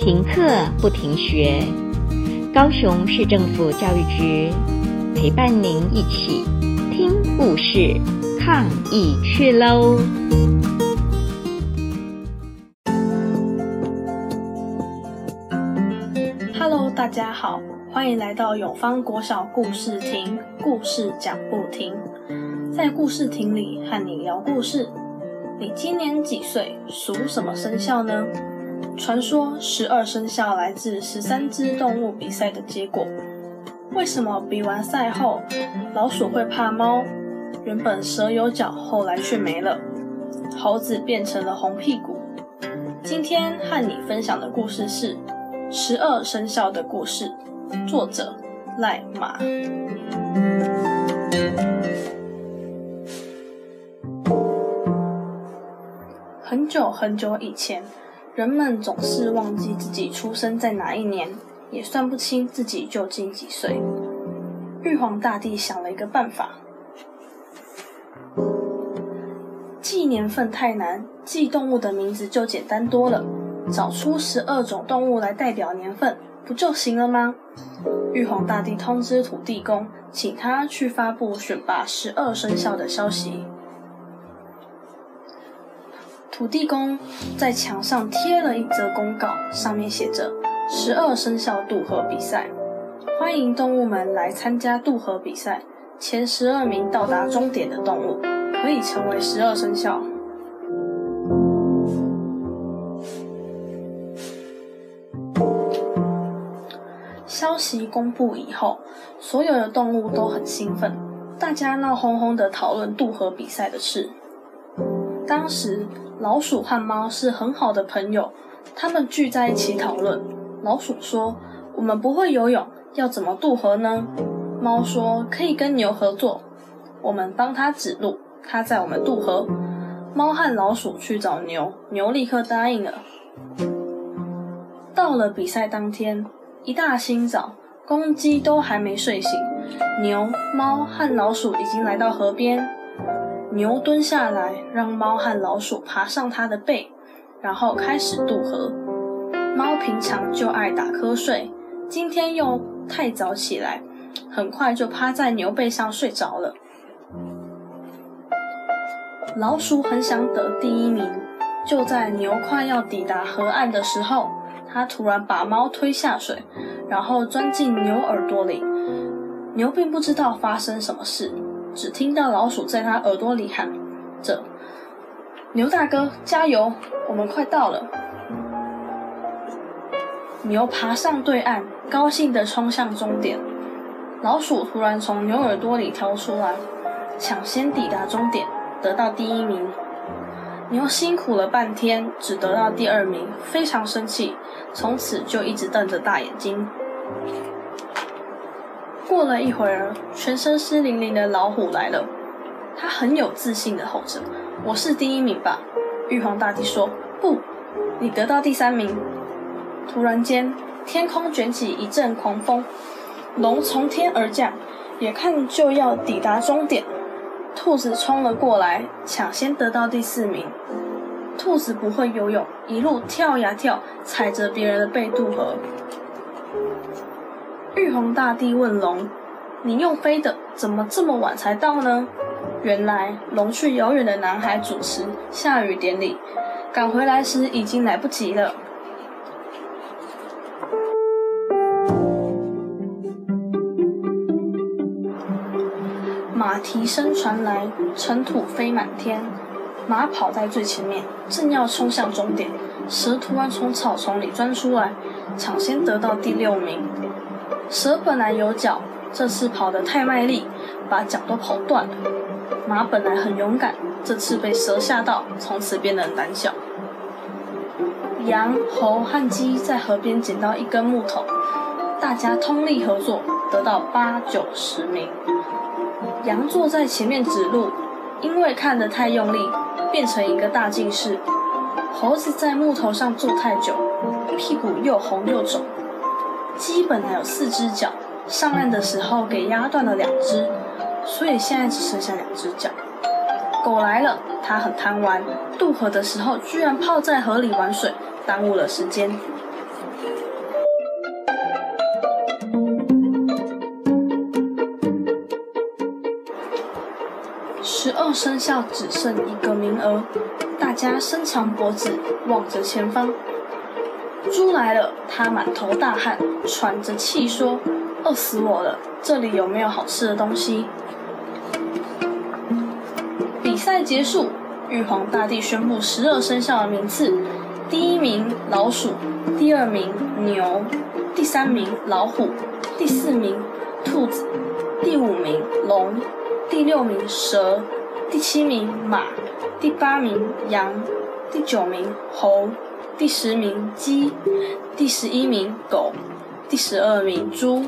停課不停學，高雄市政府教育局陪伴您一起聽故事、抗疫趣嘍。Hello，大家好，歡迎來到永芳國小故事亭，故事講不停，在故事亭裡和你聊故事。你今年幾歲，屬什麼生肖呢？傳說十二生肖來自十三隻動物比賽的結果。為什麼比完賽後老鼠會怕貓？原本蛇有腳，後來卻沒了。猴子變成了紅屁股。今天和你分享的故事是《十二生肖的故事》，作者賴馬。很久很久以前。人們總是忘記自己出生在哪一年，也算不清自己究竟幾歲。玉皇大帝想了一個辦法，記年份太難，記動物的名字就簡單多了。找出十二種動物來代表年份，不就行了嗎？玉皇大帝通知土地公，請他去發布選拔十二生肖的消息。土地公在牆上貼了一則公告，上面寫着：“十二生肖渡河比賽，歡迎動物們來參加渡河比賽。前十二名到達終點的動物可以成為十二生肖。”消息公布以後，所有的動物都很興奮，大家鬧哄哄的討論渡河比賽的事。當時。老鼠和貓是很好的朋友，他們聚在一起討論。老鼠說：“我們不會游泳，要怎麼渡河呢？”貓說：“可以跟牛合作，我們幫它指路，它載我們渡河。”貓和老鼠去找牛，牛立刻答應了。到了比賽當天，一大清早，公雞都還沒睡醒。牛、貓和老鼠已經來到河邊。牛蹲下來，讓貓和老鼠爬上它的背，然後開始渡河。貓平常就愛打瞌睡，今天又太早起來，很快就趴在牛背上睡着了。老鼠很想得第一名，就在牛快要抵達河岸的時候，它突然把貓推下水，然後鑽進牛耳朵裡。牛並不知道發生什麼事。只聽到老鼠在他耳朵裡喊着：“牛大哥，加油！我們快到了。”牛爬上對岸，高興地衝向終點。老鼠突然從牛耳朵裡跳出來，搶先抵達終點，得到第一名。牛辛苦了半天，只得到第二名，非常生氣，從此就一直瞪着大眼睛。過了一會兒，全身濕淋淋的老虎來了，他很有自信的吼着：“我是第一名吧？”玉皇大帝說：“不，你得到第三名。”突然間，天空捲起一陣狂風，龍從天而降，眼看就要抵達終點，兔子衝了過來，搶先得到第四名。兔子不會游泳，一路跳呀跳，踩着別人的背渡河。玉皇大帝問龍：“你用飛的，怎麼這麼晚才到呢？”原來龍去遙遠的南海主持下雨典禮，趕回來時已經來不及了。馬蹄聲傳來，塵土飛滿天，馬跑在最前面，正要衝向終點，蛇突然從草叢裡鑽出來，搶先得到第六名。蛇本來有腳，這次跑得太賣力，把腳都跑斷了。馬本來很勇敢，這次被蛇嚇到，從此變得膽小。羊、猴和雞在河邊撿到一根木頭，大家通力合作，得到八九十名。羊坐在前面指路，因為看得太用力，變成一個大近視。猴子在木頭上坐太久，屁股又紅又腫。雞本來有四隻腳，上岸的時候給壓斷了兩隻，所以現在只剩下兩隻腳。狗來了，它很貪玩，渡河的時候居然泡在河裡玩水，耽誤了時間。十二生肖只剩一個名額，大家伸長脖子望着前方。豬來了，它滿頭大汗，喘着氣說：“餓死我了！這裡有沒有好吃的東西？”比賽結束，玉皇大帝宣布十二生肖的名次：第一名老鼠，第二名牛，第三名老虎，第四名兔子，第五名龍，第六名蛇，第七名馬，第八名羊。第九名猴，第十名雞，第十一名狗，第十二名豬。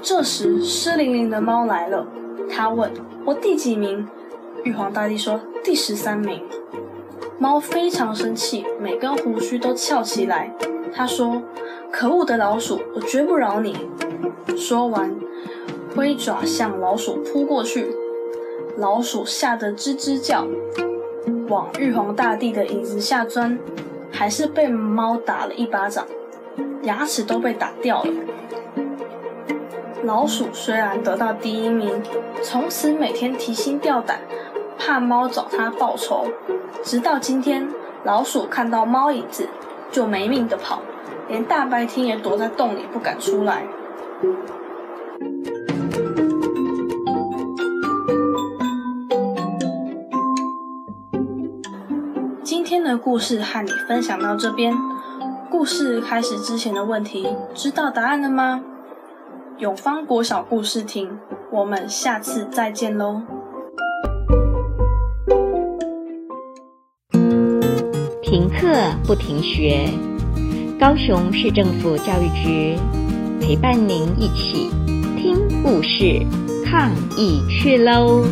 這時，濕淋淋的貓來了。它問：“我第幾名？”玉皇大帝說：“第十三名。”貓非常生氣，每根鬍鬚都翹起來。它說：“可惡的老鼠，我絕不饒你！”說完，揮爪向老鼠撲過去。老鼠嚇得吱吱叫。往玉皇大帝的椅子下鑽，還是被貓打了一巴掌，牙齒都被打掉了。老鼠雖然得到第一名，從此每天提心吊膽，怕貓找他報仇。直到今天，老鼠看到貓影子就沒命的跑，連大白天也躲在洞裡不敢出來。的故事和你分享到這邊。故事開始之前的問題，知道答案了嗎？永芳國小故事聽，我們下次再見嘍。停課不停學，高雄市政府教育局陪伴您一起聽故事、抗疫趣嘍。